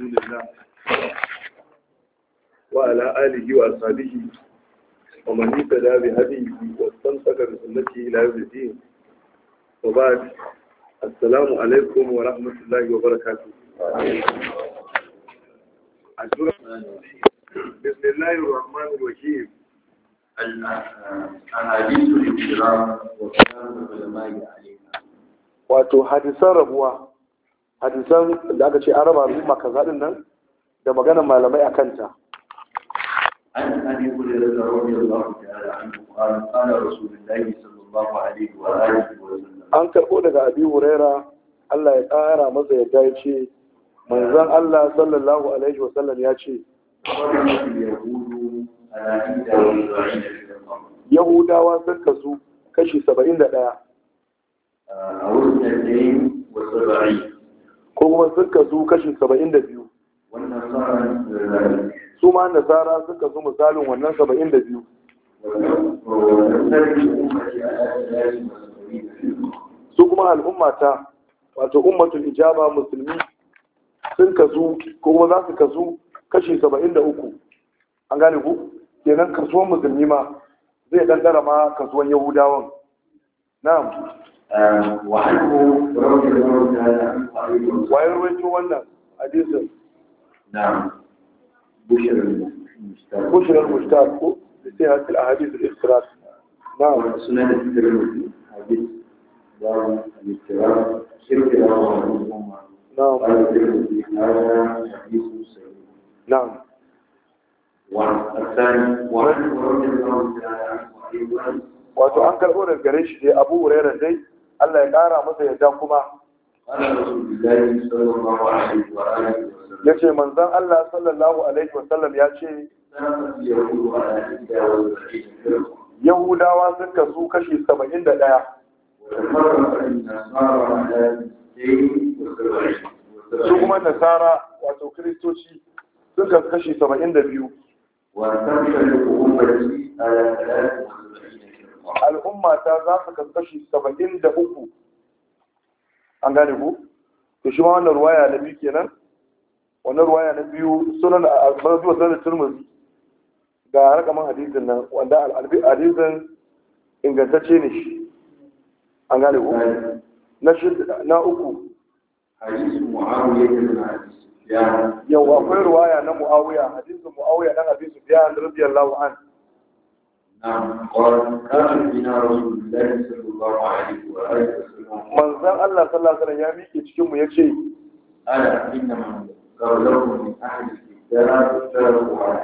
رسول الله وعلى آله وأصحابه ومن اهتدى بهديه واستمسك بسنته إلى يوم الدين وبعد السلام عليكم ورحمة الله وبركاته بسم الله الرحمن الرحيم الحديث الانشراح والسلام العلماء عليها wato hadisan rabuwa hadisan da aka ce an raba su kaza nan da maganar malamai a kanta an karɓo daga abi huraira Allah ya tsara masa yadda ya ce manzon Allah sallallahu alaihi wasallam ya ce Yahudawa sun kasu kashi ɗaya. a wurin da ne wasu ko kuma sun kasu kashi saba'in da biyu su ma nasara sun kasu misalin wannan saba'in da biyu su kuma al'ummata wato ummatul ijaba musulmi sun kasu ko kuma za su kasu kashi saba'in da uku an gane ku kenan kasuwan musulmi ma zai dangara ma kasuwan yahudawan na'am wa hannu rauni wayar ruwaito wannan hadisin na bushirar ko da sai hasil a hadisul istirar na suna da tirmidhi wato an karɓo daga gare shi ne abu wurairar dai Allah ya ƙara masa yadda kuma ya ce manzan Allah sallallahu alaihi wasallam ya ce yahudawa sun kasu kashi saba'in da ɗaya su kuma nasara wato kiristoci sun kasu kashi saba'in da biyu al'umma ta za su kasu kashi saba'in da uku an gane ku to shi ma wannan ruwaya na biyu kenan wannan ruwaya na biyu sunan al-Bukhari wa sunan Tirmidhi ga rakaman hadisin nan wanda al-hadisin ingantacce ne shi an gane ku na na uku hadisin Muawiya ibn Abi Sufyan yawwa akwai ruwaya na Muawiya hadisin Muawiya dan Abi Sufyan radiyallahu anhu manzan allah sallallahu alaihi رسول الله صلى الله عليه وآله وسلم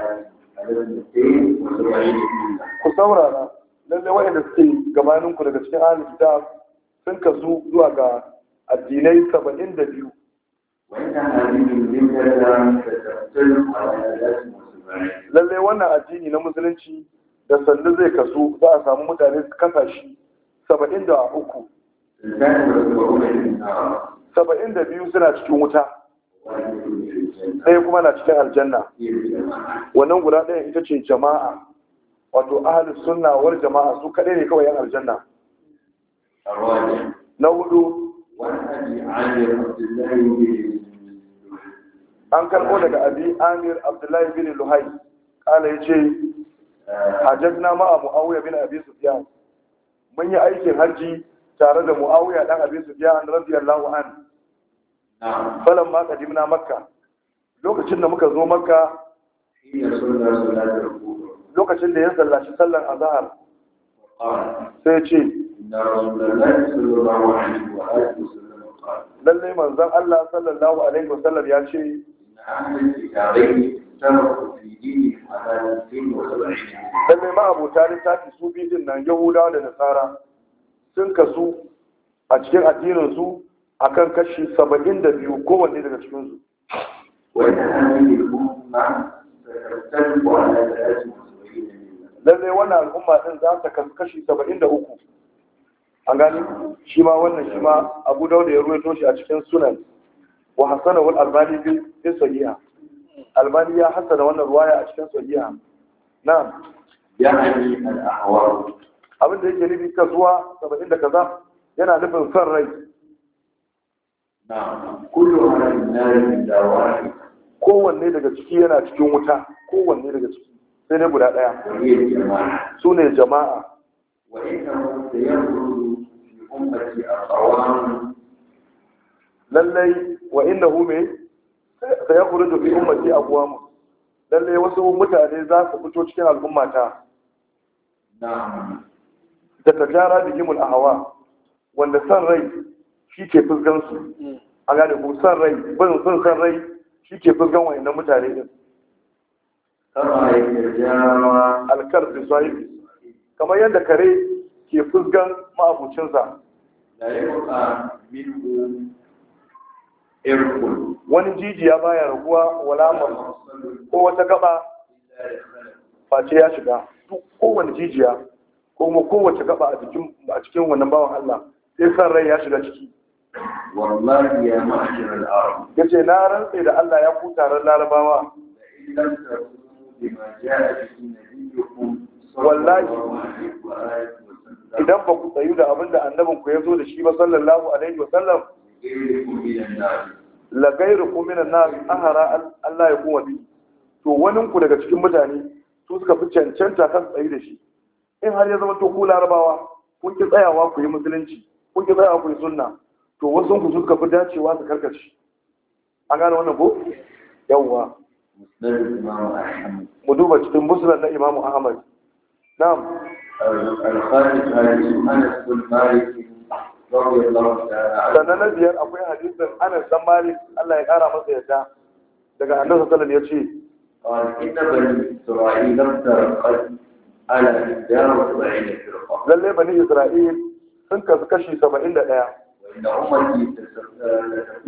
منزل الله صلى الله عليه ku saurara lallai suke gabaninku daga cikin ahalin kitab sun kasu zuwa ga addinai saba'in da biyu lallai wannan addini na musulunci da sannu zai kasu za a samu mutane su shi saba'in da uku saba'in da biyu suna cikin wuta ɗaya kuma na cikin aljanna wannan guda ɗaya ita ce jama'a wato ahalus sunna war jama'a su kaɗai ne kawai yan aljanna na hudu an karɓo daga abi amir abdullahi bin luhai ƙala ya ce hajjajna ma'a mu'awuyar bin su sufyan mun yi aikin hajji tare da mu'awuyar dan abin sufyan radiyallahu an falon ma na makka lokacin da muka zo makka lokacin da ya sallaci sallan zahar sai ce lallai manzan Allah sallallahu alaihi wasallam ya ce Lallai ma'abuta tafi su biyu din nan yahuda da Nasara sun kasu a cikin addininsu a kan kashi saba'in da biyu kowanne daga cikinsu. Lallai wannan al'umma ɗin za ta kasu kashi saba'in da uku. An gani? Shi ma wannan shi ma Abu Dauda ya ruwaito shi a cikin sunan wa Hassanawar Albani bin Sahiha. albani ya hasa da wannan ruwaya a cikin sahiha na'am ya hani al-ahwar abin da yake nufi kasuwa saba'in da kaza yana nufin son rai na'am kullu halarin nari da wani kowanne daga ciki yana cikin wuta kowanne daga ciki sai ne guda ɗaya su ne jama'a Wa da a lallai wa inna hu mai sai ya kuri da a kuwa mu lalle wasu mutane za su fito cikin al'ummata da ta tajara a hawa, wanda san rai shi ke fuskan su a gane ko san rai bin sun san rai shi ke fuskan wayannan mutane din alkar da sahibi kamar yadda kare ke fuskan ma'abucinsa irkul wani jijiya baya raguwa wala man ko wata gaba face ya shiga duk kowane jijiya ko kuma kowace gaba a cikin a cikin wannan bawan Allah sai san rai ya shiga ciki wallahi ya ma'ashir al-arab yace na rantsa da Allah ya kuta ran larabawa wallahi idan ba ku tsayu da abin da annabinku ya zo da shi ba sallallahu alaihi wa sallam la ku minan nar ahara Allah ya kuma to wani ku daga cikin mutane su suka fi cancanta kan tsayi da shi in har ya zama to ku larabawa kun ki tsayawa ku yi musulunci kun ki tsayawa ku yi sunna to wasu ku suka fi dacewa su karkace an gane wannan ko yawwa mu duba cikin musulun na imamu ahmad na'am al-kharij an anas bin malik sannan na biyar akwai hadisin anas dan malik Allah ya kara masa yadda daga annabi sallallahu alaihi wasallam yace inna bani isra'ila tarqat ala dar wa firqa lalle bani isra'il sun kasu kashi 71 inna ummati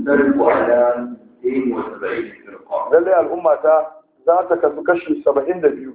tarqu ala 72 lalle al'ummata za ta kasu kashi 72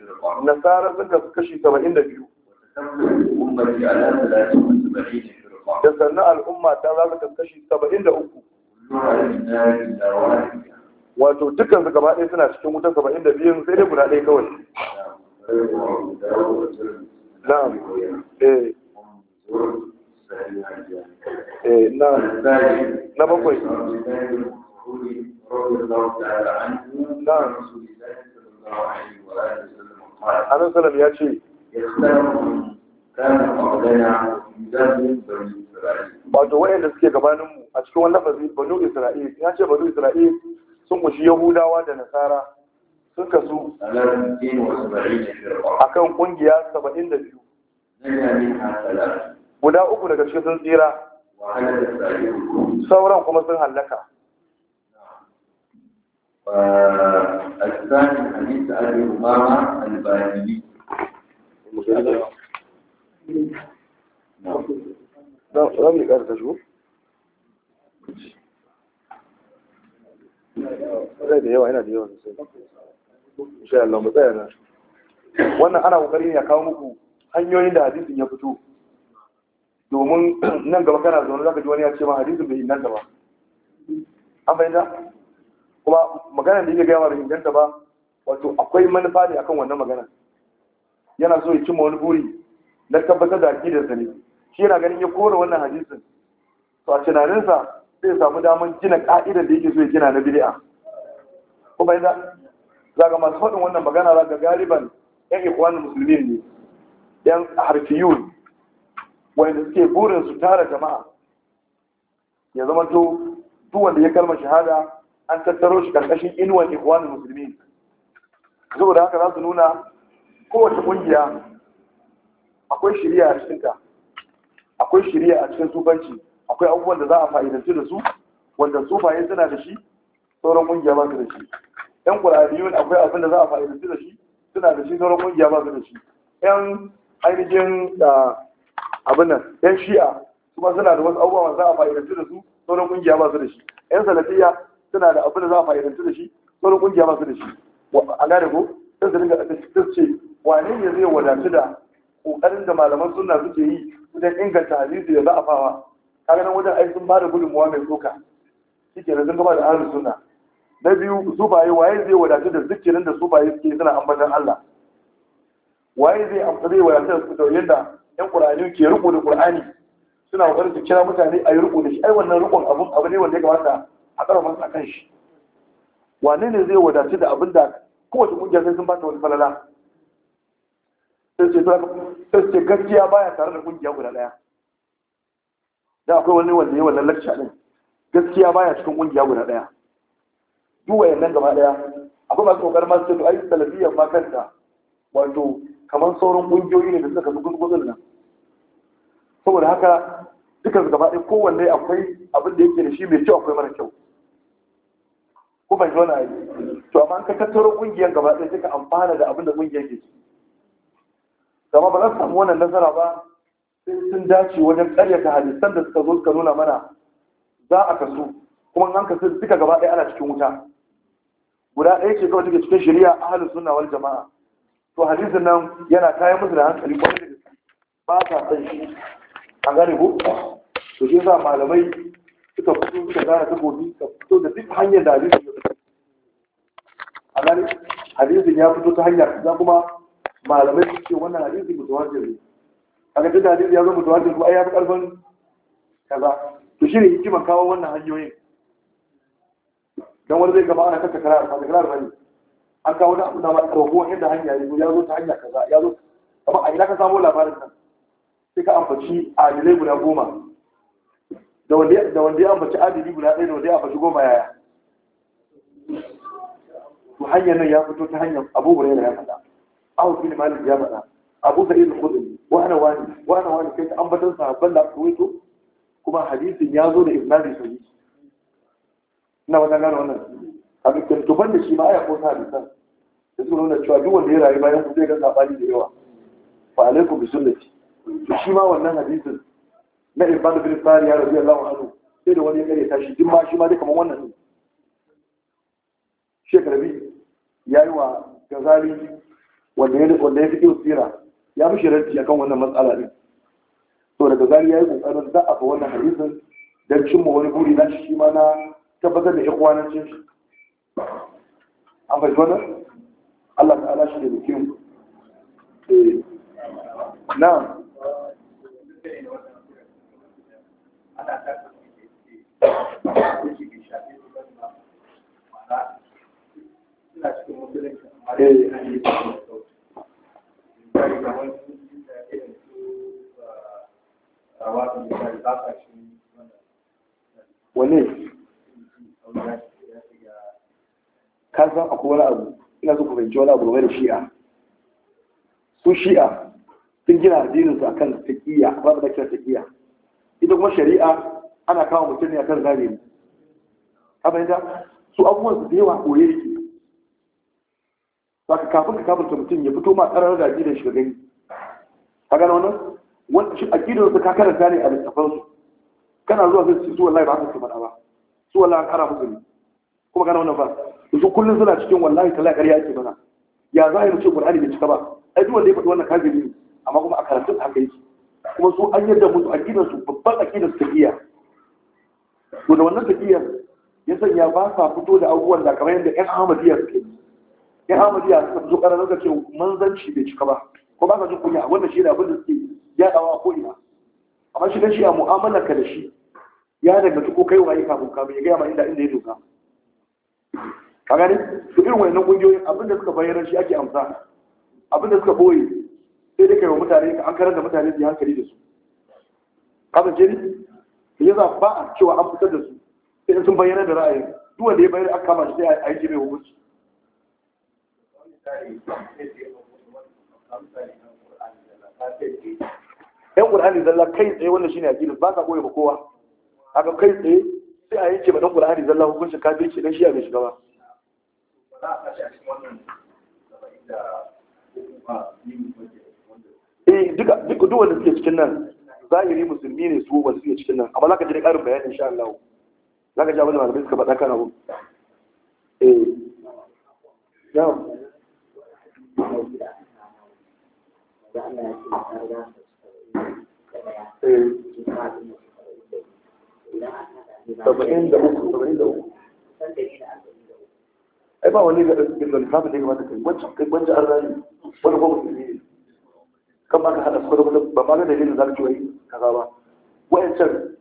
nasara suka kashi saba'in da biyu. sannan al'umma ta za su kashi uku? wato dukkan su gaba ɗaya suna cikin da 72 sai dai guda ɗaya kawai na'am eh eh na na bakwai na'am annan salam ya ce wato waɗanda suke gabaninmu a cikin wani lafazi banu isra'il ya ce banu isra'il sun kushi yahudawa da nasara sun kasu a kan kungiya saba'in da biyu guda uku daga cikin sun tsira sauran kuma sun hallaka الثاني حديث أبي أمامة الباهلي نعم رمي تشوف wannan ana kokari ya kawo muku hanyoyin da hadisin ya fito domin nan gaba kana zaune zaka ji wani ya ce ma hadisin bai nan gaba. an fahimta kuma maganar da yake gaya mara inganta ba wato akwai manufa ne akan wannan magana yana so ya cimma wani buri na tabbatar da sa ne shi yana ganin ya kore wannan hadisin to a tunaninsa zai samu daman gina ka'idar da yake so ya gina na bid'a kuma yanzu za masu faɗin wannan magana za galiban yan ikwanin musulmi ne yan harfiyun wanda suke burin su tara jama'a ya zama to duk wanda ya kalma shahada an tattaro shi karkashin inuwan ikwanin musulmi saboda haka za su nuna kowace ƙungiya akwai shirya a cikinta akwai shirya a cikin sufanci akwai abubuwan da za a fa'idanci da su wanda sufaye suna da shi sauran ƙungiya ba su da shi yan ƙwararriyun akwai abin da za a fa'idanci da shi suna da shi sauran ƙungiya ba su da shi yan ainihin da abin nan yan shi'a kuma suna da wasu abubuwa za a fa'idanci da su sauran ƙungiya ba su da shi yan salafiya suna da abin da za a fa'idantu da shi wani kungiya ba su da shi a gane ko sai su dinga su ce wane ne zai wadatu da kokarin da malaman suna suke yi wajen inganta hadisi da za'afawa kaga ganin wajen ai sun ba da gudunmuwa mai tsoka shike da sun gaba da ahlus sunna na biyu sufaye waye zai wadatu da zikirin da sufaye suke suna ambatan Allah waye zai amfani da su da yadda yan ƙur'ani ke rubuta da suna kokarin su kira mutane a yi rubuta da shi ai wannan rikon abu ne wanda ya kamata a ƙarfafa a kan shi wane ne zai wadace da abin da kowace kungiya sai sun bata wani falala sai ce gaskiya baya tare da kungiya guda ɗaya da akwai wani wanda ya wannan lakca din. gaskiya baya cikin kungiya guda ɗaya duk nan gaba ɗaya akwai masu ƙoƙarin masu ce to ai salafiyyar ma kanta wato kamar sauran ƙungiyoyi ne da suka fi gudun nan saboda haka dukkan gaba ɗaya kowanne akwai abin da yake da shi mai kyau akwai mara kyau ko bai zo na yi to amma an ka tattaro kungiyar gaba ɗaya suka ka amfana da abin da kungiyar ke ciki amma ba za su samu wannan nasara ba sai sun dace wajen karyata hadisan da suka zo suka nuna mana za a kasu kuma an kasu duka gaba ɗaya ana cikin wuta guda ɗaya ce kawai take cikin shari'a halin sunna wal jama'a to hadisin nan yana kayan musu da hankali ko da ba sa san shi a gane ko to shi yasa malamai suka fito suka gane takobi suka fito da duk hanyar da hadisi a hadisin ya fito ta hanyar za kuma malamai su ce wannan hadisin mutawatir ne a ga da hadisin ya zo mutawatir kuma ai ya fi karfin kaza to shi ne hikiman kawo wannan hanyoyin don wani zai gaba ana ta karar ba karar ba ne an kawo da abin da ba ko inda hanya ya zo ta hanya kaza ya zo amma a ina ka samo labarin nan sai ka ambaci adilai guda goma da wanda ya ambaci adili guda ɗaya da wanda ya ambaci goma yaya to hanyar nan ya fito ta hanyar abubuwa yana ya faɗa Abu bin Malik ya faɗa Abu Sa'id al-Khudri wa ana wani wa ana wani kai an batan sahabban da kuwaito kuma hadisin ya zo da isnadi sahihi ina wannan gano wannan abin da to da shi ma aya ko hadisan da su nuna cewa duk wanda ya rayu bayan zai ga sabani da yawa fa alaikum bi sunnati to shi ma wannan hadisin na Ibn bin Sariya radiyallahu anhu sai da wani ya kare tashi din ma shi ma dai kamar wannan ne shekarabi ya yi wa gazali wanda ya fi ƙin ya fi shiranci akan wannan matsala ne to da gazali ya yi ƙoƙarin za'afa wannan hadisin don cimma wani buri na shi ma na tabbatar da ikwanancin shi an fahimci wannan Allah ta'ala shi da bikin na Thank you. عليه ka san akwai wani abu ina so ku fahimci wani abu game da shi'a su shi'a sun gina addinin su akan taqiyya ba da kira taqiyya ita kuma shari'a ana kawo mutum ne akan zane ka Abinda su abubuwan su da yawa koye yake saka kafin ka kafin mutum ya fito ma tsarar da aƙidar shi gani ka gano nan wani shi aƙidar su ka karanta ne a littafan su kana zuwa sai su wallahi ba ka su mana ba su wallahi an kara musu ne kuma kana wannan ba su kullum suna cikin wallahi kala ƙarya ake mana ya za a yi mace ƙur'ani bai cika ba ai duk wanda ya faɗi wannan kafiri ne amma kuma a karatun haka yake kuma su an yadda musu aƙidar su babban aƙidar su tafiya to da wannan tafiyar ya sanya ba sa fito da abubuwan da kamar yadda 'yan ahmadiyya suke yi yan amadiya suka zo ƙararra da cewa manzanci bai cika ba ko ba ka jin kunya wannan shi da abin da suke yaɗawa ko ina amma shi dan shi a mu'amalar ka da shi ya daga ko kai waye kafin kafin ya gaya ma inda inda ya doka ka gani su irin wannan ƙungiyoyin abin da suka bayyana shi ake amsa abin da suka boye sai dai kai wa mutane ka an karar da mutane su hankali da su kasance ne da ya ba a cewa an fitar da su sai sun bayyana da ra'ayin duk wanda ya bayyana aka kama shi sai a yi jirai hukunci yan ƙur'ani zalla kai tsaye wannan shine aqidar ba ka koyi ba kowa haka kai tsaye sai a yanke ba ɗan ƙur'ani zalla hukuncin kafirci dan shi a bai shiga ba eh duka duka duk wanda suke cikin nan zahiri musulmi ne su wanda suke cikin nan amma zaka ji da ƙarin bayani insha Allah ka ji abin da malamai suka faɗa kan abu eh na'am annabi da da da uku ai ba wani ga ɗin da lissafi da ya kamata kai wancan an rayu wani kuma musulmi ne kan ba haɗa su kwata ba ba ga dalilin za ka ci wai kaza ba wayancan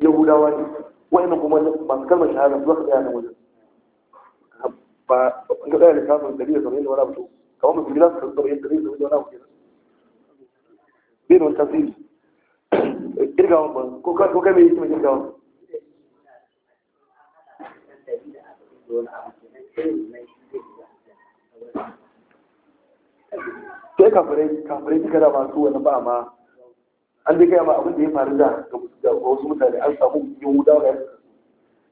yahudawa ne wayannan kuma masu kalma shahada su za ka tsaya nan wajen ba ga lissafin dalilin saba'in da wani abu kawo musulmi za su tsoro yadda zai zama wani kenan bai da wani tasiri kirgawan ba ko kai mai yi mai kafirai kafirai suka da masu wani ba ma an dai kai ba abin da ya faru da ga wasu mutane an samu yahudawa ga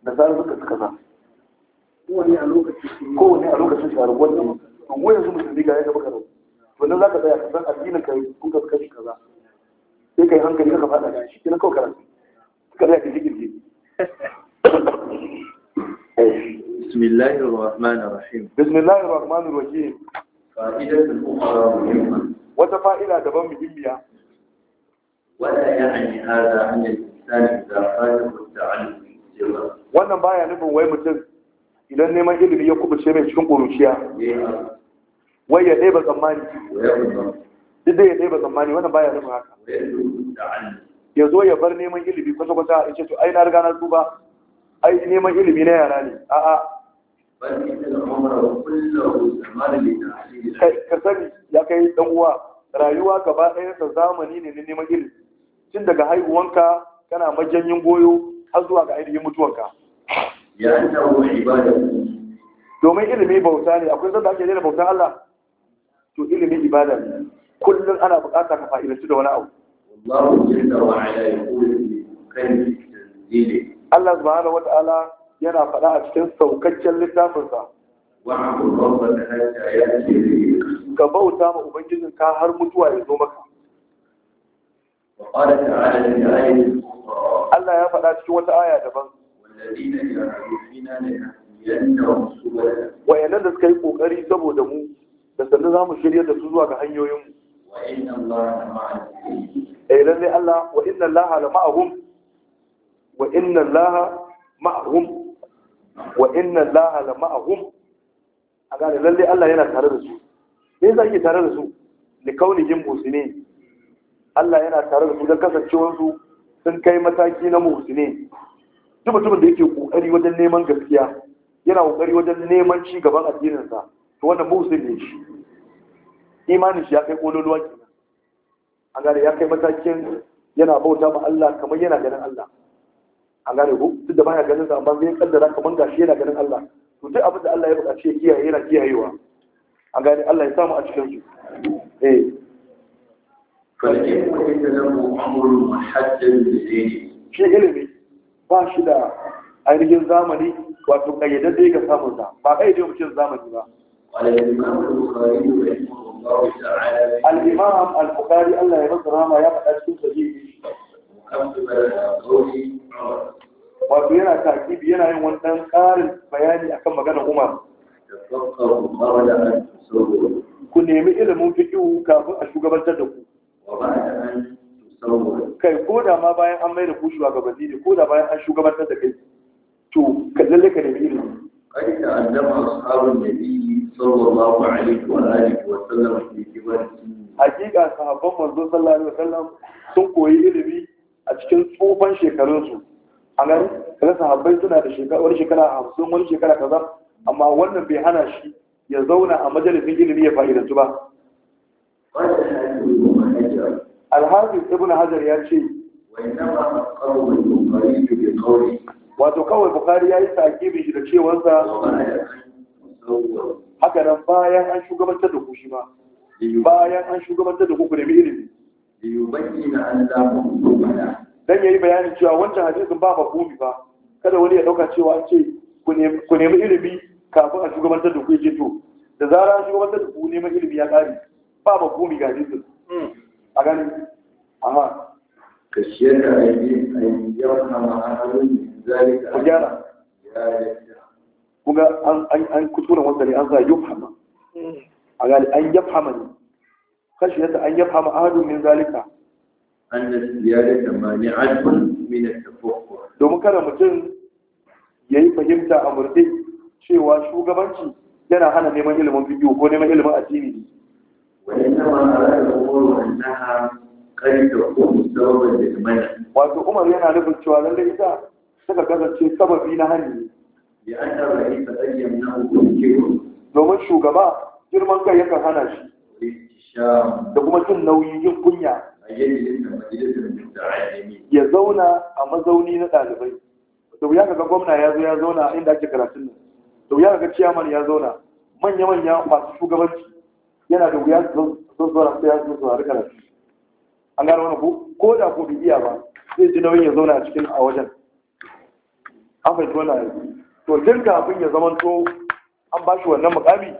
da zarar suka suka sa kowane a lokacin shi a lokacin shi a mu yanzu musulmi ga yadda rabu to nan zaka tsaya ka san addinin ka kuka kashi kaza sai kai hankali kaka faɗa shi kina kawai karatu suka tsaya ka بسم الله الرحمن الرحيم بسم الله الرحمن الرحيم فائدة أخرى مهمة وتفائلة مهمة ولا يعني هذا الإنسان إذا التعلم wannan baya nufin wai mutum idan neman ilimi ya kubuce mai cikin ƙuruciya eh, wai ya ɗaya tsammani duk dai ya ɗaya tsammani wannan baya nufin haka ya zo ya bar neman ilimi kwata-kwata a ce to ai na riga na tuba ai neman ilimi na yara ne a'a ka sani ya kai dan uwa rayuwa gaba ɗaya ta zamani ne na neman ilimi tun daga haihuwanka kana majanyin goyo har zuwa ga ainihin mutuwanka domin ilimi bauta ne akwai da ake daina bautan Allah to ilimin ibada ne kullum ana buƙatar ka fa'idantu da wani abu wallahu jalla wa ala yaqulu kan tanzili Allah subhanahu wa ta'ala yana faɗa a cikin saukaccen littafinsa ka bauta ma ubangijin ka har mutuwa ya zo maka Allah ya faɗa cikin wata aya daban wayannan da suka yi ƙoƙari saboda mu da sannu za mu shirya da su zuwa ga hanyoyinmu eh lalle Allah wa inna Allah la ma'ahum wa inna Allah ma'ahum wa inna Allah la ma'ahum a gane lalle Allah yana tare da su me za yake tare da su li jin muslimin Allah yana tare da su don kasancewarsu sun kai mataki na musulmi duk mutumin da yake ƙoƙari wajen neman gaskiya yana ƙoƙari wajen neman ci gaban addininsa to wannan musul ne shi imanin shi ya kai kololuwa ke an gane ya kai matakin yana bauta ma Allah kamar yana ganin Allah an gane ku duk da baya ganin sa amma zai kaddara kamar gashi yana ganin Allah to duk abin da Allah ya buƙaci ya kiyaye yana kiyayewa an gane Allah ya samu a cikin su eh فالعلم ليس له امر محدد بدينه shi ilimi ba shi da ainihin zamani wato kayyadadde ga samun sa ba kai da mutum zamani ba قال الإمام البخاري رحمه الله تعالى الإمام البخاري الله يرد رحمه يبقى أسكن سجيدي مكمل قولي عمر wato yana takibi yana yin wani ɗan ƙarin bayani akan maganar Umar. Ku nemi ilimin fiƙihu kafin a shugabantar da ku. Kai ko da ma bayan an mai da ku shugabanni ne ko da bayan an shugabantar da kai to ka lalle ka nemi ilimi. ai ta'allama ashabun nabi sallallahu alaihi wa alihi wa sallam fi kibar hakika sahabban manzo sallallahu alaihi wa sallam sun koyi ilimi a cikin tsufan shekarunsu a gani kaga sahabbai suna da shekara wani shekara hamsin wani shekara kaza amma wannan bai hana shi ya zauna a majalisin ilimi ya fa'idantu ba alhaji ibn hajar ya ce وإنما القول القريب بقوله wato kawai bukari ya yi takibin shi da cewarsa haka nan bayan an shugabantar da ku shi ma bayan an shugabantar da ku ku nemi don ya yi bayanin cewa wancan hadisin ba mafhumi ba kada wani ya dauka cewa an ce ku nemi ilimi kafin a shugabantar da ku ya to da zara an shugabantar da ku neman ilimi ya kari ba mafhumi ga hadisin a gani amma a yi yawan ayyukan ma'anarin ku gyara kuma an kusurin wanda ne an za yi fama hmm. a gali an ya fama ne kashi yadda an ya fama ahadun min zalika an da ziyarar da mani alfun min tafakkur domin kada mutum ya yi fahimta a murde cewa shugabanci yana hana neman ilimin bidiyo ko neman ilimin addini ne wato umar yana nufin cewa lallai ita suka kasance sababi na hannu domin shugaba girman kai yakan hana shi da kuma jin nauyi yin kunya ya zauna a mazauni na ɗalibai da wuya kaga gwamna ya zo ya zauna inda ake karatun nan da wuya kaga ciyaman ya zauna manya-manya masu shugabanci yana da wuya su zauna su ya zo su harkar an gano wani ko da ko bai iya ba zai ji nauyin ya zauna a cikin a wajen an fahimci wannan yanzu to jin kafin ya zamanto an ba shi wannan mukami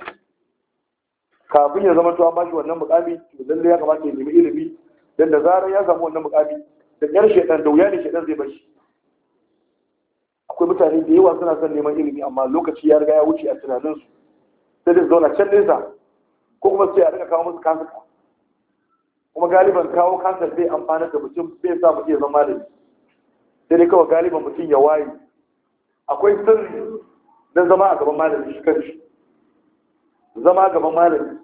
kafin ya zamanto an ba shi wannan mukami to lalle ya kamata ya nemi ilimi dan da zarar ya samu wannan mukami da ƙyar shedan da wuya ne shedan zai bar shi akwai mutane da yawa suna son neman ilimi amma lokaci ya riga ya wuce a tunaninsu sai da zauna can nesa ko kuma sai a rika kawo musu kansa kuma galiban kawo kansa zai amfana da mutum bai sa mu iya zama da sai dai kawai galiban mutum ya waye akwai sirri na zama a gaban malami shi kanshi zama a gaban malami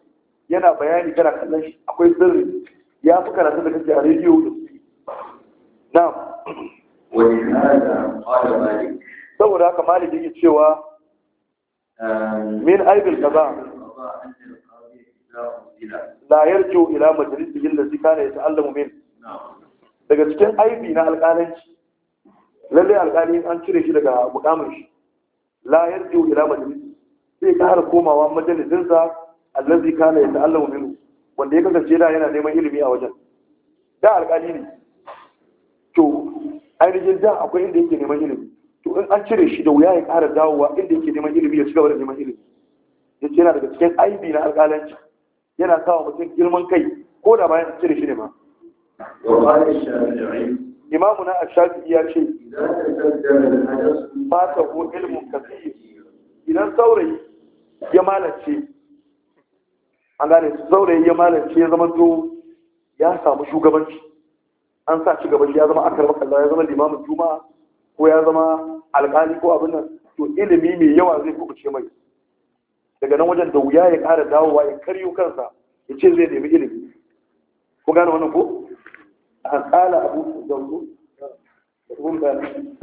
yana bayani kana kallon shi akwai sirri ya fi karatu da kake a rediyo da su na saboda haka malami yake cewa min aibil kaza la yarjo ila majalisihi allazi ya ta'allamu min daga cikin aibi na alƙalanci lallai alƙali an cire shi daga mukamin shi la yarju ila majalisi sai ka har komawa sa allazi kana ya ta'allamu minhu wanda ya kasance da yana neman ilimi a wajen da alƙali ne to ainihin da akwai inda yake neman ilimi to in an cire shi da wuya ya ƙara dawowa inda yake neman ilimi ya cigaba da neman ilimi ya ce yana daga cikin aibi na alƙalanci yana sa wa mutum girman kai ko da bayan cire shi ne ma. imamu na ashafi ya ce ba ta ko ilmin kafiyi idan saurayi ya malace an gane saurayi ya malace ya zama to ya samu shugabanci an sa shi gaban ya zama akar makalla ya zama limamin juma'a ko ya zama alƙali ko abin nan to ilimi mai yawa zai kubuce mai daga nan wajen da wuya ya kara dawowa ya karyo kansa ya ce zai nemi ilimi ku gane wannan ko aka kala abu su zaunu da abin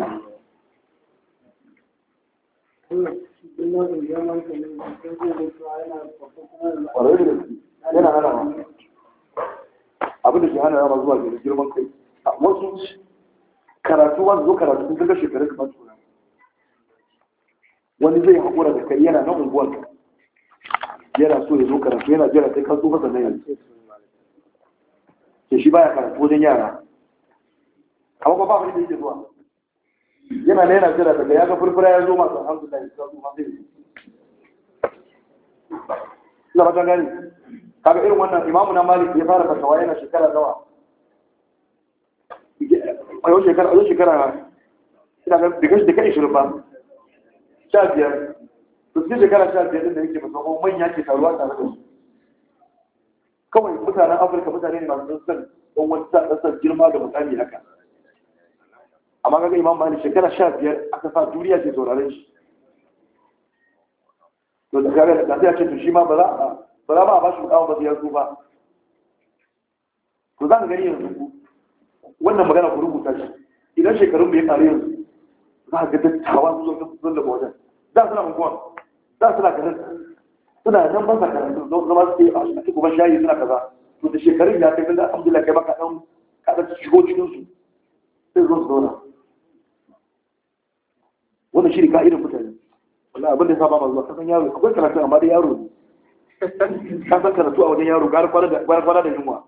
da ke hana ma zuwa gari girman kai a wasu karatu wanda zo karatu sun daga shekaru kamar tura wani zai haƙura da kai yana na unguwar yana so ya zo karatu yana jira kai kan tsufa sannan yanzu to shi baya karatu wajen yara amma ba babu da yake zuwa yana na yana jira daga ya ga furfura ya zo masu alhamdulillah ya zo masu yi na fatan gani kaga irin wannan imamu na malik ya fara fatawa yana shekara zawa a yau shekara a yau shekara ina ga daga shi da shekara ishirin ba sha biyar su sai shekara sha biyar din da yake musamman manya ke taruwa tare da su kawai mutanen afirka mutane ne masu san don wata sa ƙasar girma da mutane haka amma kaga imam bani shekara sha biyar aka sa duniya ke sauraren shi to da kaga da ta ce to shi ma ba za ba za ma ba shi mutawa ba sai yanzu ba to za ka gani yanzu wannan magana ku rubuta shi idan shekarun bai kare yanzu za a ga dattawan su zo sun zo da wajen da suna unguwan da suna garin suna nan ba sa karatu zama suke a cikin kuma shayi suna kaza to da shekarun ya kai tunda alhamdulillah kai baka dan kada su shigo cikin su sai zo su zauna wannan shiri ka ka'idar mutane wallahi abin da ya saba ma zuwa kasan yaro akwai karatu amma dai yaro ne ka san karatu a wajen yaro gara kwana da yunwa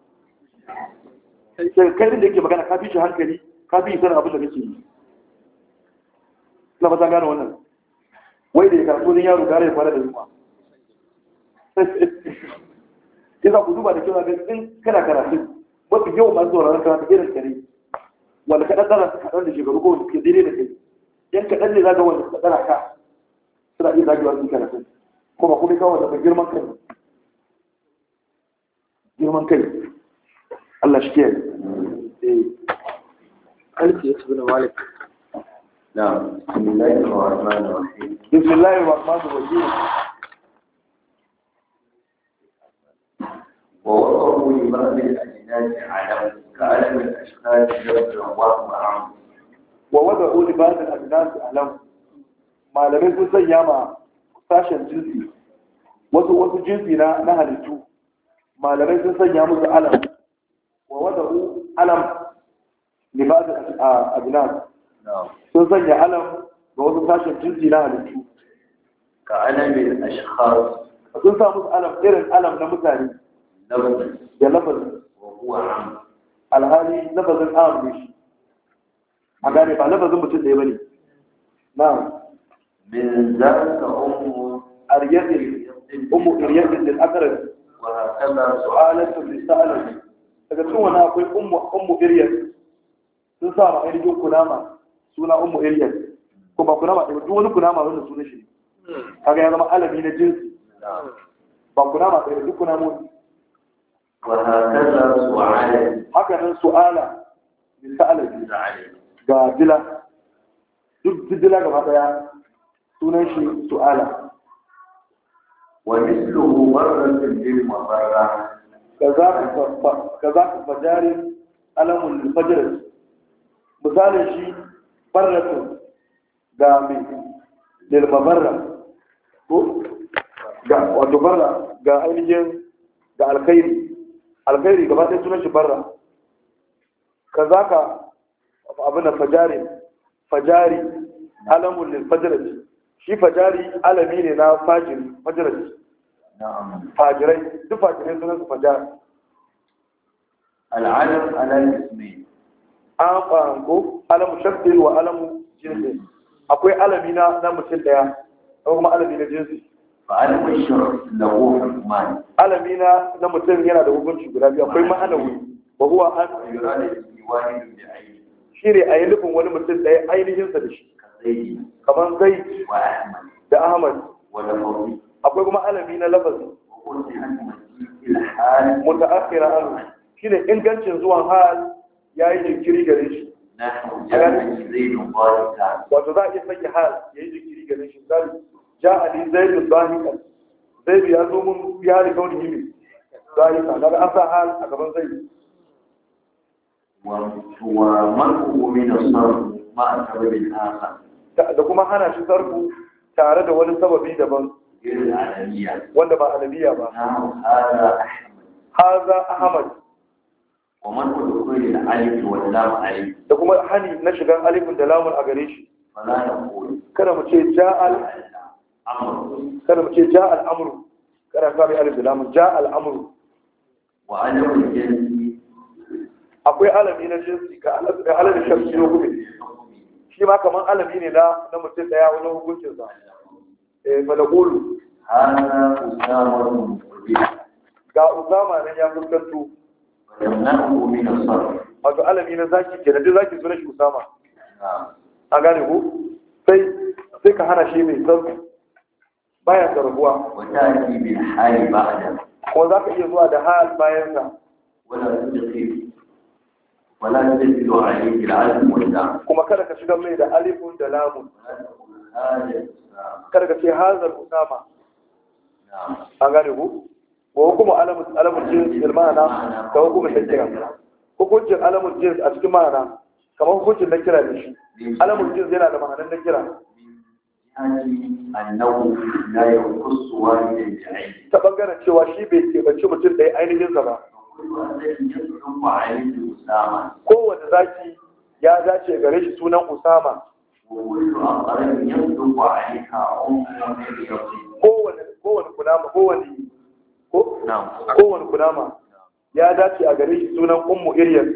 sai kai da yake magana ka fi shi hankali ka fi sanin abin da kake yi na ba ta gane wannan wai da ya karatu wajen yaro gara ya kwana da yunwa yasa ku duba da kyau ga in kana karatu Wasu yau zuwa sauraron karatu irin ka ne wanda kaɗan tsara su kaɗan da shekaru ko wanda suke daidai da kai yan kaɗan ne za ga wanda suka tsara ka suna iya zagewa su karatu kuma kuma kawo da girman kai girman kai Allah shi ke eh alki ya na malik na bismillahir rahmanir rahim bismillahir rahmanir yi. ووصفوا لبعض الأجناس على كألم الأشخاص جبرا وهم عم ووضعوا لبعض الأجناس على ما لم يكن سيما sashen jinsi wasu wasu jinsi na halittu malamai sun sanya musu alam wa wada'u alam libad abnas sun sanya alam ga wasu sashen jinsi na halittu ka alamin sun sa musu alam irin alam na mutane da lafazin wa huwa am alhali lafazin am ne shi a gane ba lafazin mutum ɗaya bane na'am min zalika ummu aryatin ummu aryatin lil aqrab wa hakala su'alatu li sa'alati daga cikin wani akwai ummu ummu iryat sun sa ma ainihin kunama suna ummu iryat ko ba kunama ɗaya duk wani kunama wanda sunan shi kaga ya zama alami na jinsi ba kunama ɗaya duk kunama وهكذا سؤال هكذا سؤال لسأل ga dila duk dila gaba daya sunan shi su'ala wa misluhu marratin lil mabarra kazaka fajari alamun lil fajr misalin shi barratun ga mai lil mabarra ko ga wato barra ga ainihin ga alkhairi alkhairi gaba ɗaya sunan shi barra ka za ka abin da fajari fajari alamun lil fajirati shi fajari alami ne na fajiri fajirati fajirai duk fajirai sunan su fajari al'adar alamun ne. an ƙwaranko alamun shafi wa alamun jinsi akwai alami na mutum daya, ko kuma alami na jinsi fa'al bashir lahu hukman alami na na mutum yana da hukunci guda biyu akwai ma'anawi wa huwa an yurani wani da Shi ne a yi nufin wani mutum da ya ainihin sa da shi kaman zai da ahmad akwai kuma alami na lafazi mutaakhira Shi ne ingancin zuwan hal yayi jinkiri gare shi wato za a iya sanya hal yayi jinkiri gare shi misali ja ali zaid zahiqan zaid ya zo mun ya riga wani yimi zahiqan daga asa hal a gaban zaid wa mar'u min as-sarf ma sababin da kuma hana shi sarfu tare da wani sababi daban wanda ba alabiya ba haza ahmad wa man kulli alif wal lam alif da kuma hani na shigan da lamun a gare shi kada mu ce ja'al kada mu ce ja al'amuru kada ka bi alif da ja al'amuru wa alamun jinsi akwai alami na jinsi ga alamin shafi na hukumi shi ma kamar alami ne na na mutum daya wani hukuncin sa eh fa da qulu hana usama ga usama ne ya fuskanto yamna'u min as-sarf wato alami na zaki ke da duk zaki sunan shi usama a gane ku sai sai ka hana shi mai sauki baya karbuwa wata ki bil hali ba'da ko za ka iya zuwa da hal bayan sa wala tudqi wala tudqi alayhi al-azm da dam kuma kada ka shiga mai da alifun da lamun kada ka ce hazal usama an gane ku wa kuma alamun jins bil ma'ana ka hukumu shakira hukuncin alamun jins a cikin ma'ana kamar hukuncin na kira ne shi alamun jins yana da ma'anar na kira ta bangaren cewa shi bai keɓanci mutum da ya ainihin zama kowane zaki ya dace gare shi sunan usama kowane kunama ya dace a gare shi sunan ummu iriyar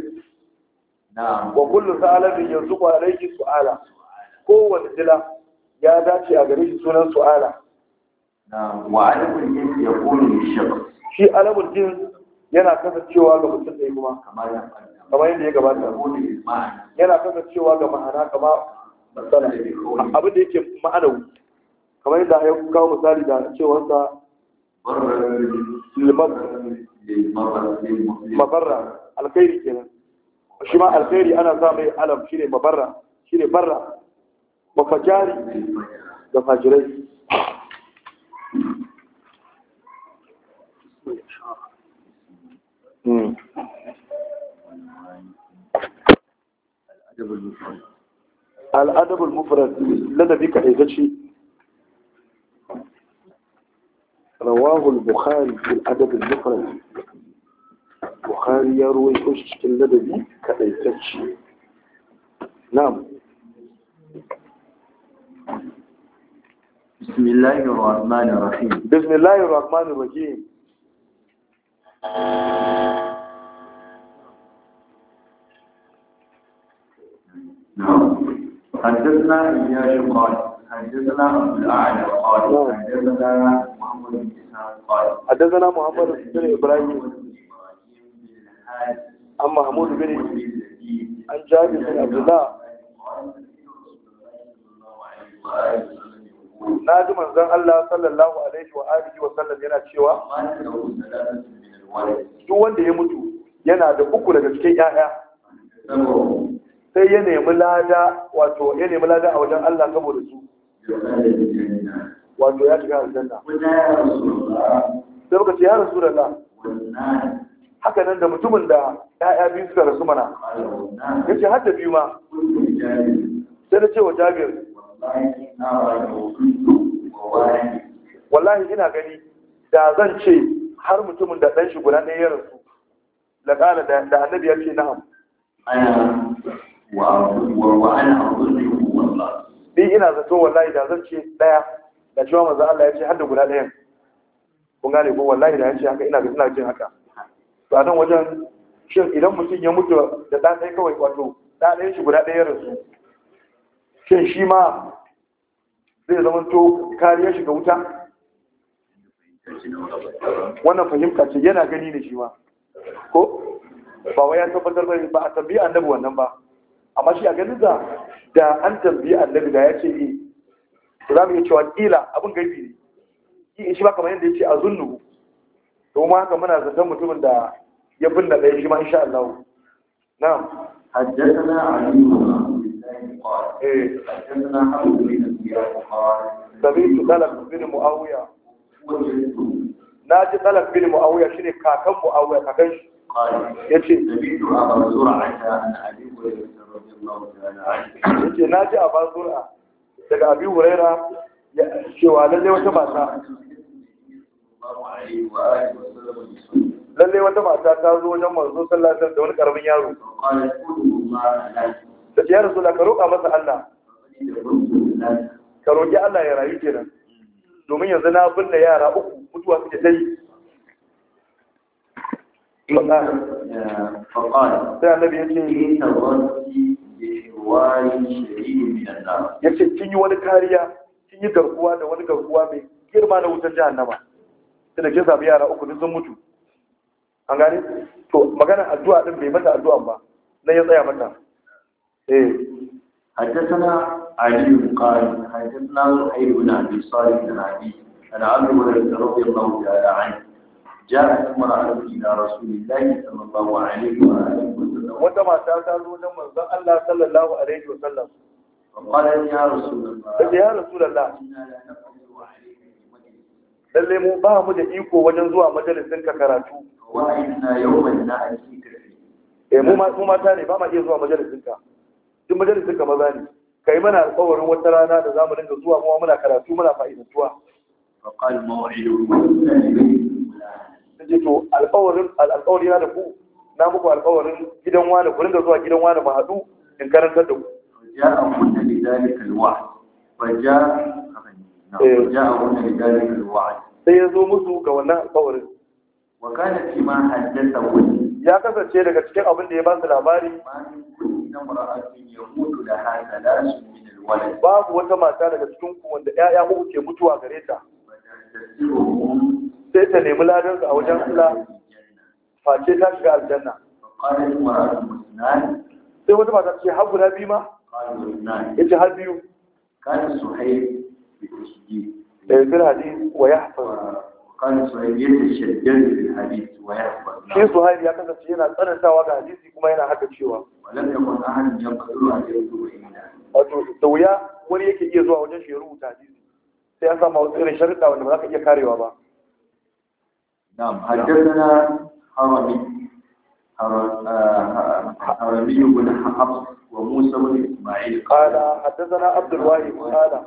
wa kullu sa'alarin yanzu kwa alaiki su'ala kowane jila ya dace a gare shi sunan su'ala wa alabul jin ya kone shaba shi alabul jin yana kasancewa ga mutum ɗaya kuma kamar yadda ya gabata yana kasancewa ga ma'ana kamar matsala abin da yake ma'ana kamar yadda ya kawo misali da sa mabarra alkhairi kenan shi ma alkhairi ana sa mai alam shine mabarra ne barra وفجار وفجري الأدب المفرد الذي بك إذا رواه البخاري في الأدب المفرد البخاري يروي أشتك لدى بك إذا نعم الله الرحمن الرحيم بسم الله الرحمن الرحيم حدثنا إياش قال حدثنا عبد الأعلى قال حدثنا محمد بن إسحاق قال حدثنا محمد بن إبراهيم عن محمود بن عن جابر بن عبد الله na ji manzon Allah sallallahu alaihi wa alihi wa sallam yana cewa duk wanda ya mutu yana da uku daga cikin 'ya'ya sai ya nemi lada wato ya nemi lada a wajen Allah saboda su wato ya shiga aljanna sai muka ce ya rasu rasulullah haka nan da mutumin da 'ya'ya biyu suka rasu mana ya har da biyu ma sai na ce wa Jabir wallahi ina gani da zan ce har mutumin da ɗan shi guda ɗaya ya rasu da ƙara da annabi ya ce hamu ni ina zato wallahi da zan ce ɗaya da cewa maza Allah ya ce har da guda ɗayan kun gane ko wallahi da ya ce haka ina ga ina jin haka to a wajen shin idan mutum ya mutu da ɗan ɗaya kawai wato ɗan ɗaya shi guda ɗaya ya rasu shin shi ma zai zama to kariyar shiga wuta wannan fahimta ce yana gani ne shi ma ko ba wa ya tabbatar bai ba a tambayi annabi wannan ba amma shi a ganin da da an tambayi annabi da ya ce eh za mu iya cewa kila abin gaibi ne shi ba kamar yadda ya ce a zunnu to ma haka muna zaton mutumin da ya binne ɗaya shi ma insha Allah a yi علي إيه سميت طلب muawiya معاوية ناجي طلب بن معاوية شنو كاكم معاوية كاكم yace yace na ji a bazura daga abi huraira cewa lalle wata mata lalle wata mata ta zo wajen manzo sallallahu alaihi wasallam da wani karamin yaro da ya rasu da ka roƙa masa Allah ka roƙi Allah ya rayu kenan domin yanzu na binne yara uku mutuwa suke ta yi ya ce kin yi wani kariya kin yi garkuwa da wani garkuwa mai girma na wutar jahannama tunda kin sami yara uku duk sun mutu an gane to magana addu'a din bai mata addu'an ba na ya tsaya mata حدثنا علي قال حدثنا سحيل بن ابي صالح بن عدي عن عبد هريرة رضي الله تعالى عنه جاءت امرأة الى رسول الله صلى الله عليه وآله وسلم وتما تعتلون من ذا الله صلى الله عليه وسلم فقال يا رسول الله يا رسول الله إنا لا نقدر عليك lalle mu ba mu da iko wajen zuwa majalisin ka karatu wa inna yawman na'ati kafi eh mu ma mu mata ne ba ma iya zuwa majalisin ka duk majalisun ka maza ne kai mana alƙawarin wata rana da zamu dinga zuwa kuma muna karatu muna fa'idantuwa fa qal mawa'idu sai to alƙawarin alƙawari na da ku na muku alƙawarin gidan wani ku dinga zuwa gidan wani mu haɗu in karantar da ku ya amuna dalika alwa'd fa ja eh. ja amuna dalika alwa'd sai ya zo musu ga wannan alƙawarin wa kana fi ma haddatha ya kasance daga cikin abin da ya ba su labari babu wata mata daga cikin ku wanda ƴaƴa uku ke mutuwa gare ta sai ta nemi ladan a wajen Allah face ta shiga aljanna sai wata mata ce har guda biyu ma yace har biyu kana suhayl bi usji da eh, bil hadith wa yahfaz قال سهيل يتشدد في الحديث ويحفظ شيء سهيل يا كذا شيء أنا أنا سوا حديث كما أنا حكى شيء ولم يكن أحد يقدر أن يكتب إلا wato da wuya wani yake iya zuwa wajen shi rubuta hadisi sai an samu wasu irin sharuɗa wanda ba za ka iya karewa ba na'am haddathana harami harami ibn habs wa musa ibn isma'il qala haddathana abdul wahid qala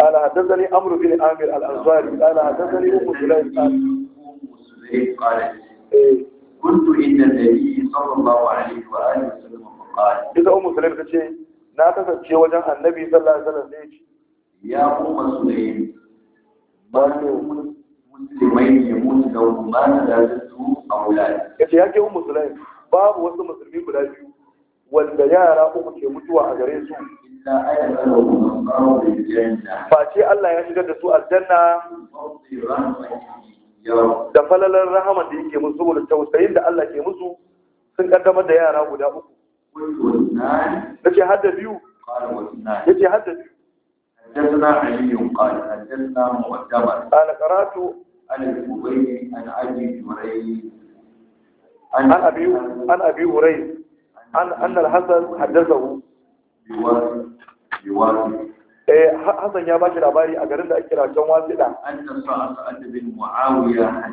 قال حدثني عمرو بن عامر الانصاري قال حدثني ام سليم قال كنت عند النبي صلى الله عليه واله وسلم فقال اذا ام سليم na kasance wajen annabi sallallahu alaihi wasallam ne ya umma sulaim wato musulmai ne mutu da umma da su aulad yace yake umma sulaim babu wasu musulmi guda biyu wanda yara uku ke mutuwa a gare su face Allah ya shigar da su aljanna da falalar rahaman da yake musu saboda tausayin da Allah ke musu sun kaddamar da yara guda uku yace har da biyu yace har da biyu حدثنا علي قال حدثنا مؤتمر قال قرات عن الزبير عن ابي هريره عن ابي عن ابي هريره an annal hasan haddathahu biwasi eh ya bashi labari a garin da ake kira can wasila anna sa'ad bin muawiya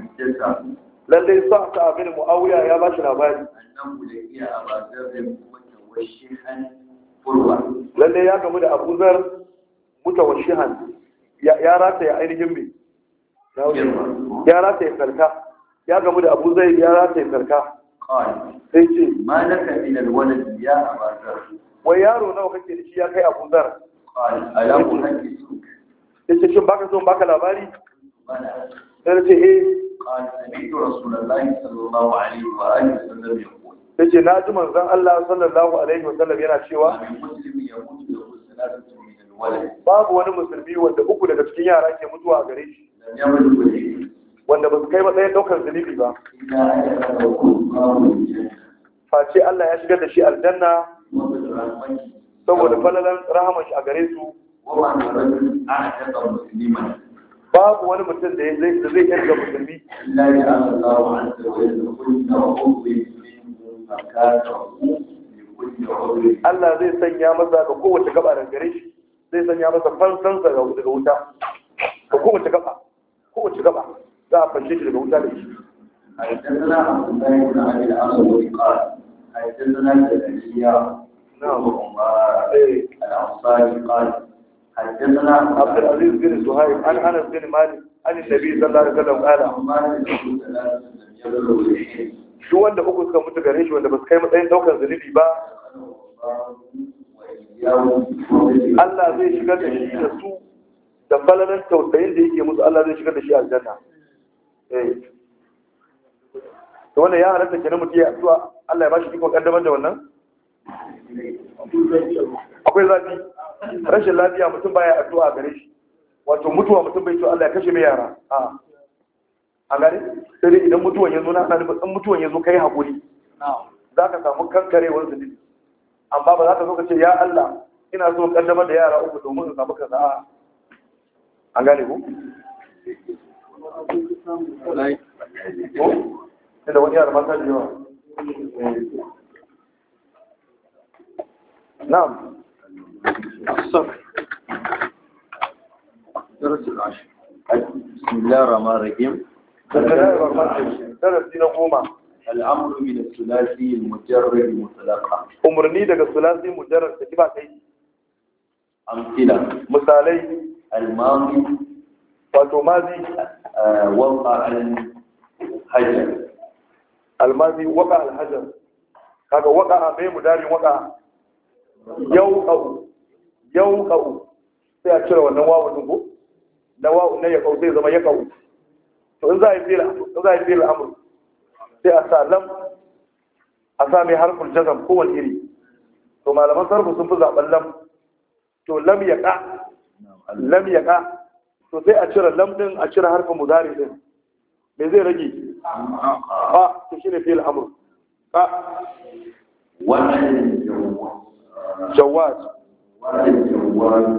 bin muawiya ya bashi labari annahu ya gamu da abuzar mutawashihan ya rataya ya rataya sarka ya gamu ya rataya sarka قال فيجي ما لك من الولد يا أبا ذر ويارو نو كake da shi ya kai Abu Dhar قال ألا أحدثك yace shin baka zo baka labari sai ce قال سمعت رسول الله صلى الله عليه وآله وسلم يقول yace na ji manzon Allah sallallahu alaihi wasallam yana cewa babu wani musulmi wanda uku daga cikin yara ke mutuwa gare shi wanda ba su kai matsayin daukar zunubi ba face Allah ya shigar da shi aljanna saboda falalan rahaman shi a gare su babu wani mutum da zai da zai yarda musulmi Allah zai sanya masa ga kowace gaba da gare shi zai sanya masa fansansa daga wuta ga kowace gaba kowace gaba za a fanshe shi daga wuta da shi a yi tattala a da wuri a yi tattala da na عبد العزيز بن عن wanda uku suka mutu gare shi wanda ba su kai matsayin daukar zunubi ba Allah zai shigar da shi da su da falalar tausayin da yake musu Allah zai shigar da shi jana. Eh. to wannan ya halatta na mutu ya zuwa Allah ya bashi iko kaddaman da wannan akwai zafi rashin lafiya mutum baya addu'a gare shi wato mutuwa mutum bai so Allah ya kashe mai yara a a gari sai idan mutuwan ya zo na ana nufin mutuwan ya zo kai haƙuri za ka samu kankarewar zunubi amma ba za ka zo ka ce ya Allah ina so kaddamar da yara uku domin su samu kaza a gane ku نعم wani درس العشر بسم الله الرحمن الرحيم درس دين الأمر من الثلاثي المجرد مطلقا أمرني دك الثلاثي مجرد تجيب أمثلة مثالي الماضي wato mazi eh, wanka alhajar almazi waka alhajar kaga waka a mai mudarin waka yau kau yau kau sai a cire wannan wawan din na wawan na ya kau zai zama ya kau to in za a yi fiye in za a yi fiye al'amur sai a sa lam a sa mai harfin jazam kowane iri to malaman sarfu sun fi zaɓen lam to lam ya ka lam ya ka to sai a cire lamɗin a cire harfin muzari ɗin. me zai rage ba to shine fi'il amr ba wannan jawaz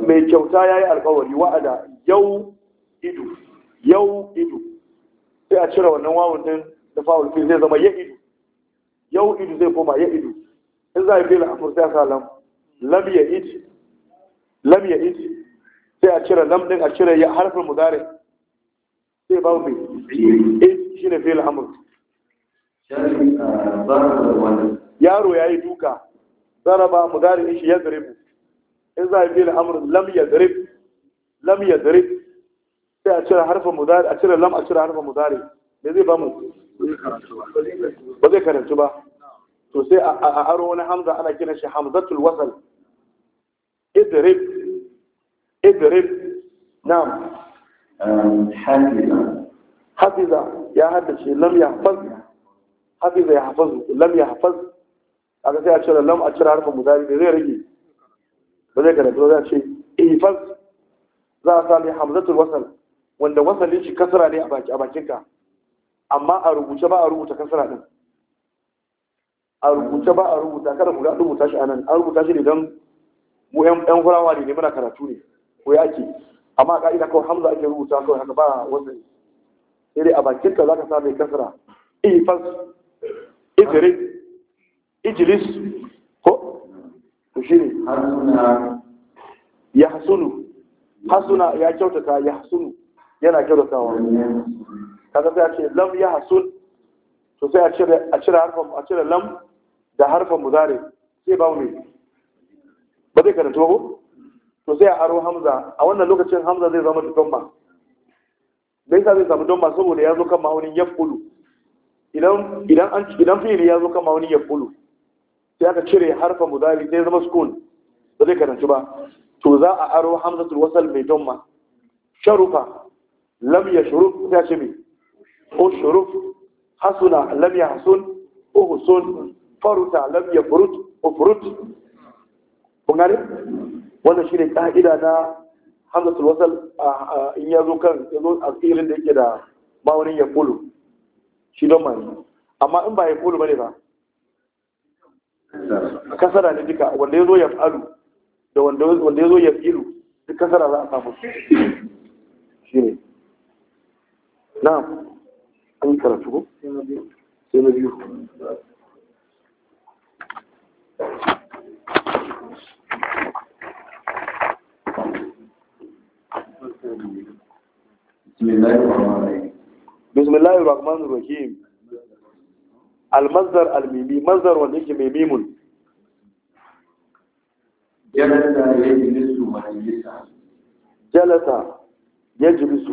mai kyauta yi alƙawari wa'ada yau idu yau idu sai a cire wannan wawun din da fa'ul fi zai zama ya idu yau idu zai koma ya idu in za a yi fiye amr sai a sa lam lam ya idi lam ya idi sai a cire lam din a cire ya harfin mudari sai ba mai eh shine fi'il amr yaro yayi duka zaraba mudari shi ya zaribu in za a fi'il amr lam ya zarib lam ya zarib sai a cire harfin mudari a cire lam a cire harfin mudari me zai ba mu ba zai karantu ba to sai a aro wani hamza ana kiran shi hamzatul wasal idrib idrib na'am hafiza ya haddace lam ya hafaz ya hafaz lam ya hafaz aka sai a cire lam a cire harfin mudari da zai rage ba zai karatu za a ce ihfaz za a sami hamzatul wasal wanda wasalin shi kasra ne a bakinka amma a rubuce ba a rubuta kasra din a rubuce ba a rubuta kada mu ga rubuta shi anan an rubuta shi ne don mu yan furawa ne muna karatu ne ko ya ce amma ka'ida kawai hamza ake rubuta kawai haka ba wanda sai a bakin ka zaka sa mai kasra ifas idris ijlis ko to shine hasuna ya hasunu hasuna ya kyautata ya hasunu yana kyautatawa kaga sai a ce lam ya hasun to sai a cire a cire harfin a cire lam da harfin Muzari. sai ba mu ne ba zai karanta ba ko to sai a aro hamza a wannan lokacin hamza zai zama dumma zai sa zai samu ba saboda ya zo kan ma'aunin ya kulu. idan an idan ya zo kan ma'aunin kulu, sai aka cire harfa muzari sai zama sukun ba zai karanci ba to za a aro Hamza hamzatul wasal mai don ma sharufa lam yashruf sai ce me ushruf hasuna lam Ko husun faruta lam yafrut ufrut kun gari? wannan shi ne ƙa'ida na hamzatul wasal in ya zo kan ya zo a tsirin da yake da ma'aunin ya kulu shi don mani amma in ba ya kulu bane ba kasara ne duka wanda ya zo ya falu da wanda ya zo ya filu duk kasara za a samu shi ne na an yi karatu ko sai na biyu بسم الله الرحمن الرحيم المصدر الميمي مصدر ونيك ميميم جلس يجلس مجلسا جلس يجلس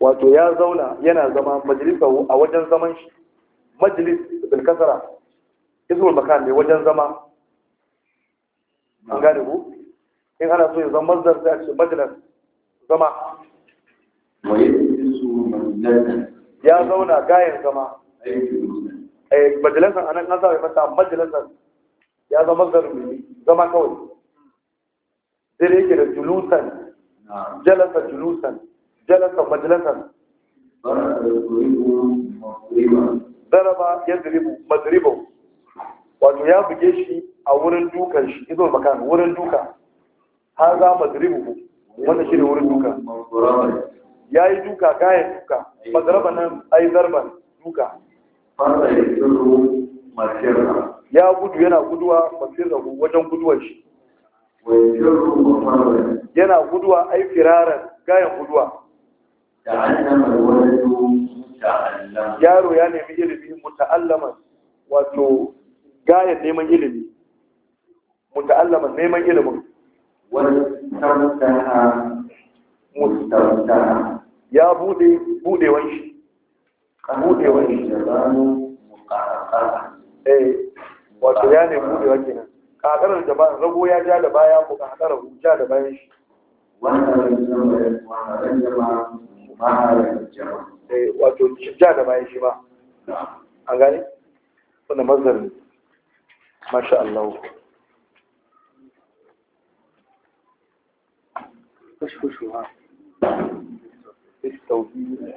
wato ya zauna yana zama majalisa a wajen zaman shi majalis bil ismul makan ne wajen zama an gane ku in ana so ya zama mazdar sai a ce majalis zama ya zauna gayan zama eh, majalisar anan an zaɓe mata majalisar ya zama zarumi zama kawai sai da yake da julusan jalasa julusan jalasa majalisar zaraba ya ziribu maziribu wato ya buge shi a wurin dukan shi izo makan wurin duka har za maziribu wanda shi ne wurin duka ya yi duka kayan duka magaraba nan a yi zarban duka ya gudu yana guduwa masirrahu wajen guduwar shi yana guduwa ai firaran kayan guduwa yaro ya nemi ilimi muta'allaman wato gayan neman ilimi muta'allaman neman ilimin wani mutamtaha mutamtaha ya bude budewan shi bude shi jazanu eh wato ya ne bude budewa kenan kakarar da ba rago ya ja da baya ko kakarar ja da bayan shi eh, wato ja da bayan shi ba an gane wanda mazari masha Allah التوحيد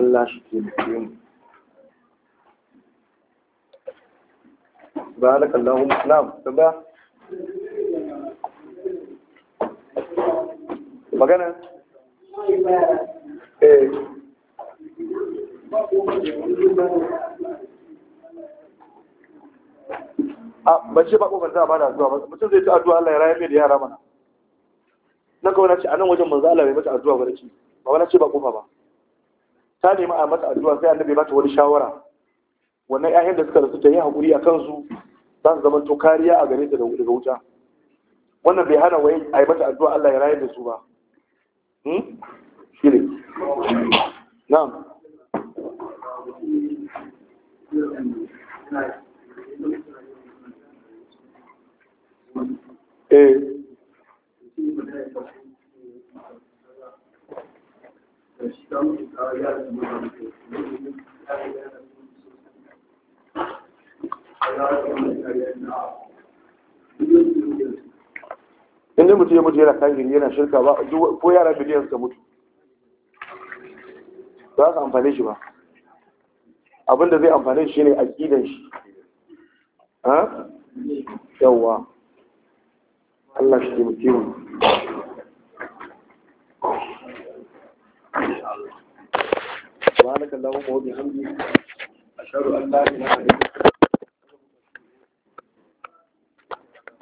Allah shi ke nufi mu. Ba da kallon Islam, ta ba? Magana? Eh. a ban ce ba kokar ta ba da addu'a ba mutum zai ci addu'a Allah ya raya mai da yara mana na kawai ce anan wajen manzo Allah bai mata addu'a ba da ba wani ce ba kofa ba ta nemi a mata addu'a sai annabi ba ta wani shawara wannan ƴaƴan da suka rasu ta yi hakuri a kansu za su zama to kariya a gare ta daga wuta wannan bai hana wai a yi mata addu'a Allah ya rayar da su ba hmm? shire na'am Thank you. eh inda mutu ya mutu yana kagiri yana shirka ba ko yara biliyan suka mutu ba su amfane shi ba abinda zai amfane shi ne aƙidan shi yawwa Allah shi taimake mu سبحانك اللهم وبحمدك أشهد أن لا إله إلا أنت